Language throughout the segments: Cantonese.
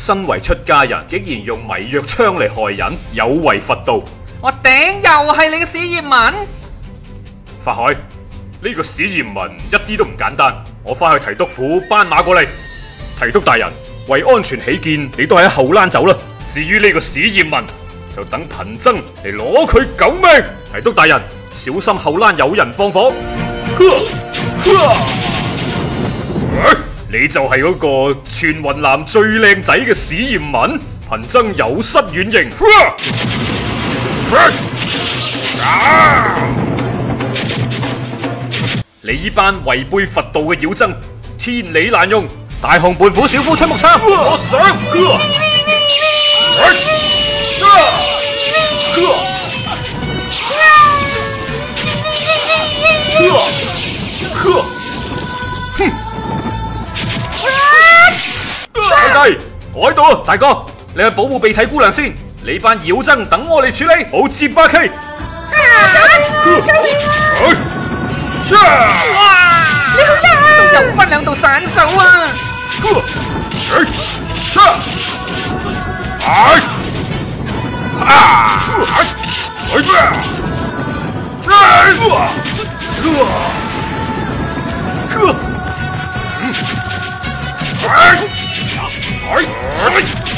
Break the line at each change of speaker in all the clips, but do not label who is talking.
身為出家人，竟然用迷藥槍嚟害人，有違佛道。
我頂，又係你嘅史艷文。
法海，呢個史艷文一啲都唔簡單。我翻去提督府，班馬過嚟。提督大人，為安全起見，你都喺後欄走啦。至於呢個史艷文，就等貧僧嚟攞佢狗命。提督大人，小心後欄有人放火。你就係嗰個全雲南最靚仔嘅史艷文，貧僧有失遠迎。
你
呢班違背佛道嘅妖僧，天理難容，大雄胖虎小夫出木杉，我上。喺度，大哥，你去保護鼻涕姑娘先，你班妖僧等我嚟處理好、啊，好接
巴 K。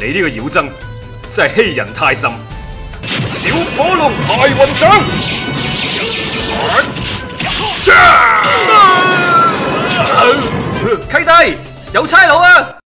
你
呢個妖僧真係欺人太甚！小火龍排雲掌，
契弟有差佬啊！啊啊啊